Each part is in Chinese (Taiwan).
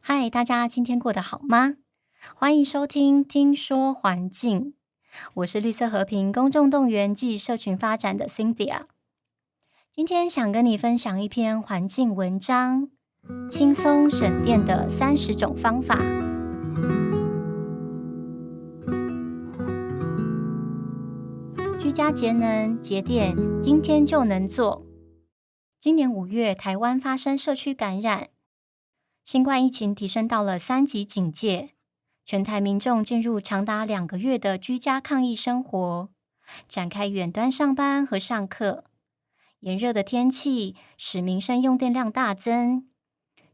嗨，Hi, 大家今天過得好嗎？歡迎收聽《聽說環境》，我是綠色和平公眾動員暨社群發展的 Cynthia。今天想跟你分享一篇環境文章：輕鬆省電的三十種方法。居家節能節電，今天就能做。今年五月，台灣發生社區感染。新冠疫情提升到了三級警戒，全台民眾進入長達兩個月的居家抗疫生活，展開遠端上班和上課。炎熱的天氣使民生用電量大增，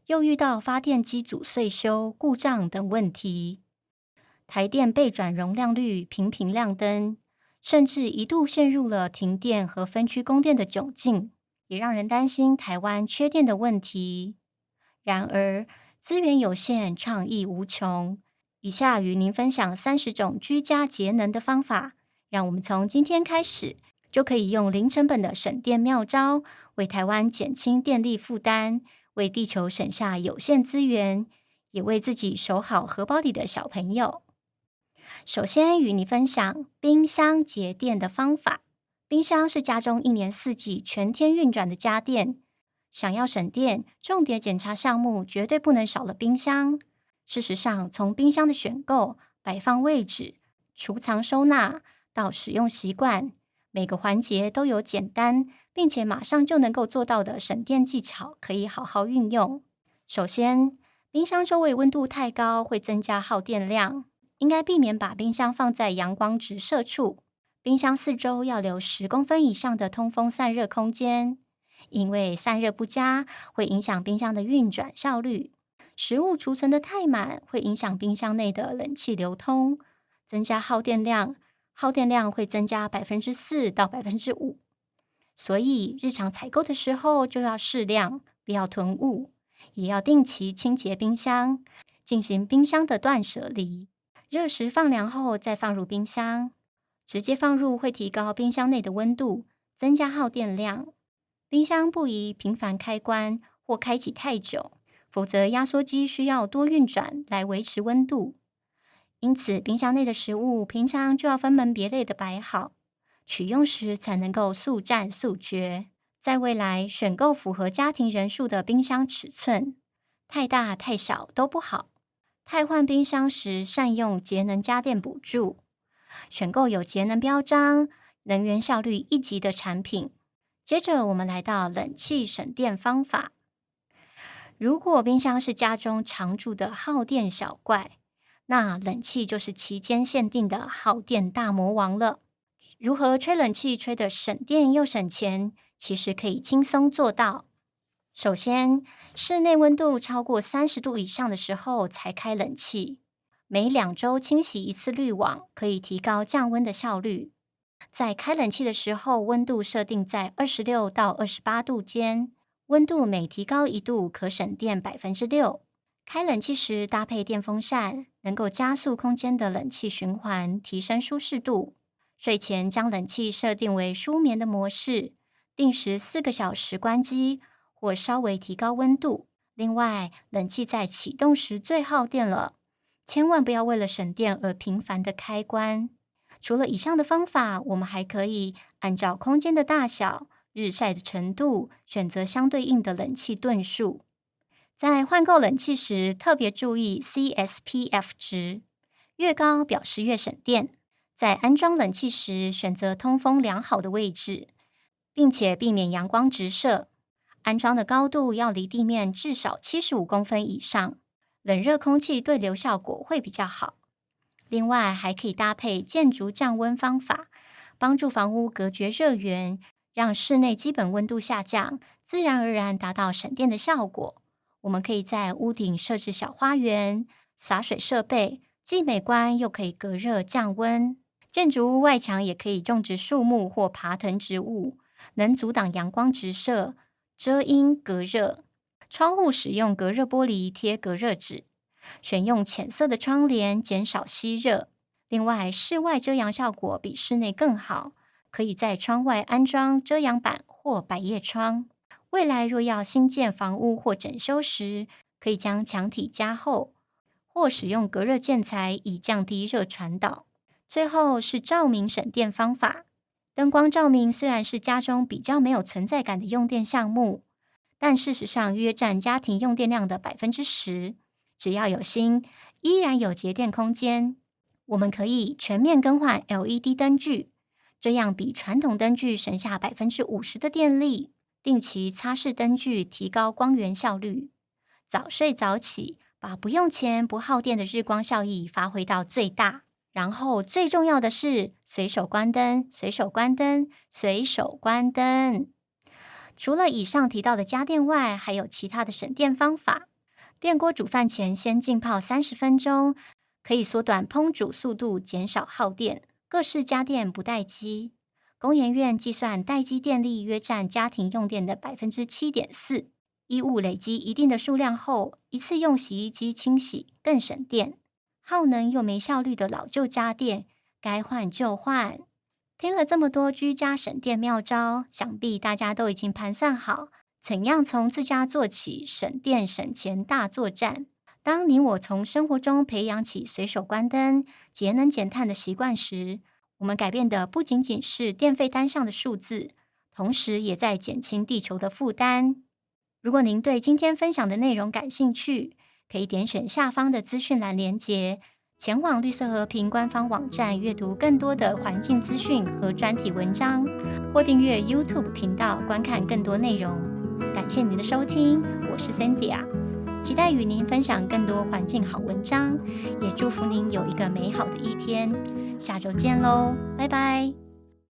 又遇到發電機組歲修、故障等問題，台電備轉容量率頻頻亮燈，甚至一度陷入了停電和分區供電的窘境，也讓人擔心台灣缺電的問題。然而，資源有限，創意無窮。以下與您分享三十種居家節能的方法，讓我們從今天開始，就可以用零成本的省電妙招，為台灣減輕電力負擔，為地球省下有限資源，也為自己守好荷包裡的小朋友。首先，與您分享冰箱節電的方法。冰箱是家中一年四季全天運轉的家電。想要省電，重點檢查項目絕對不能少了冰箱。事實上，從冰箱的選購、擺放位置、儲藏收納到使用習慣，每個環節都有簡單並且馬上就能夠做到的省電技巧，可以好好運用。首先，冰箱周圍溫度太高會增加耗電量，應該避免把冰箱放在陽光直射處。冰箱四周要留十公分以上的通風散熱空間。因為散熱不佳，會影響冰箱的運轉效率。食物儲存得太滿，會影響冰箱內的冷氣流通，增加耗電量。耗電量會增加百分之四到百分之五。所以日常採購的時候就要適量，不要囤物，也要定期清潔冰箱，進行冰箱的斷捨離。熱食放涼後再放入冰箱，直接放入會提高冰箱內的溫度，增加耗電量。冰箱不宜頻繁開關或開啟太久，否則壓縮機需要多運轉來維持溫度。因此，冰箱內的食物平常就要分門別類的擺好，取用時才能夠速戰速決。在未來選購符合家庭人數的冰箱尺寸，太大太小都不好。汰換冰箱時，善用節能家電補助，選購有節能標章、能源效率一級的產品。接着，我們來到冷氣省電方法。如果冰箱是家中常住的耗電小怪，那冷氣就是期間限定的耗電大魔王了。如何吹冷氣吹得省電又省錢？其實可以輕鬆做到。首先，室內溫度超過三十度以上的時候才開冷氣。每兩周清洗一次濾網，可以提高降溫的效率。在開冷氣的時候，溫度設定在二十六到二十八度間。溫度每提高一度，可省電百分之六。開冷氣時搭配電風扇，能夠加速空間的冷氣循環，提升舒適度。睡前將冷氣設定為舒眠的模式，定時四個小時關機，或稍微提高溫度。另外，冷氣在啟動時最耗電了，千萬不要為了省電而頻繁的開關。除了以上的方法，我們還可以按照空間的大小、日曬的程度，選擇相對應的冷氣噸數。在換購冷氣時，特別注意 CSPF 值，越高表示越省電。在安裝冷氣時，選擇通風良好的位置，並且避免陽光直射。安裝的高度要離地面至少七十五公分以上，冷熱空氣對流效果會比較好。另外，還可以搭配建築降溫方法，幫助房屋隔絕熱源，讓室內基本溫度下降，自然而然達到省電的效果。我們可以在屋頂設置小花園、灑水設備，既美觀又可以隔熱降溫。建築物外牆也可以種植樹木或爬藤植物，能阻擋陽光直射、遮陰隔熱。窗戶使用隔熱玻璃，貼隔熱紙。選用淺色的窗簾，減少吸熱。另外，室外遮陽效果比室內更好，可以在窗外安裝遮陽板或百葉窗。未來若要新建房屋或整修時，可以將牆體加厚，或使用隔熱建材以降低熱傳導。最後是照明省電方法。燈光照明雖然是家中比較沒有存在感的用電項目，但事實上約占家庭用電量的百分之十。只要有心，依然有節電空間。我們可以全面更換 LED 燈具，這樣比傳統燈具省下百分之五十的電力。定期擦拭燈具，提高光源效率。早睡早起，把不用錢不耗電的日光效益發揮到最大。然後最重要的是，隨手關燈，隨手關燈，隨手關燈。除了以上提到的家電外，還有其他的省電方法。電鍋煮飯前先浸泡三十分鐘，可以縮短烹煮速度，減少耗電。各式家電不待機，工研院計算待機電力約占家庭用電的百分之七點四。衣物累積一定的數量後，一次用洗衣機清洗更省電。耗能又沒效率的老舊家電，該換就換。聽了這麼多居家省電妙招，想必大家都已經盤算好，怎樣從自家做起省電省錢大作戰？當你我從生活中培養起隨手關燈、節能減碳的習慣時，我們改變的不僅僅是電費單上的數字，同時也在減輕地球的負擔。如果您對今天分享的內容感興趣，可以點選下方的資訊欄鏈接，前往綠色和平官方網站閱讀更多的環境資訊和專題文章，或訂閱 YouTube 頻道觀看更多內容。感謝您的收聽，我是 Cindy 啊，期待與您分享更多環境好文章，也祝福您有一個美好的一天，下周見嘍，拜拜。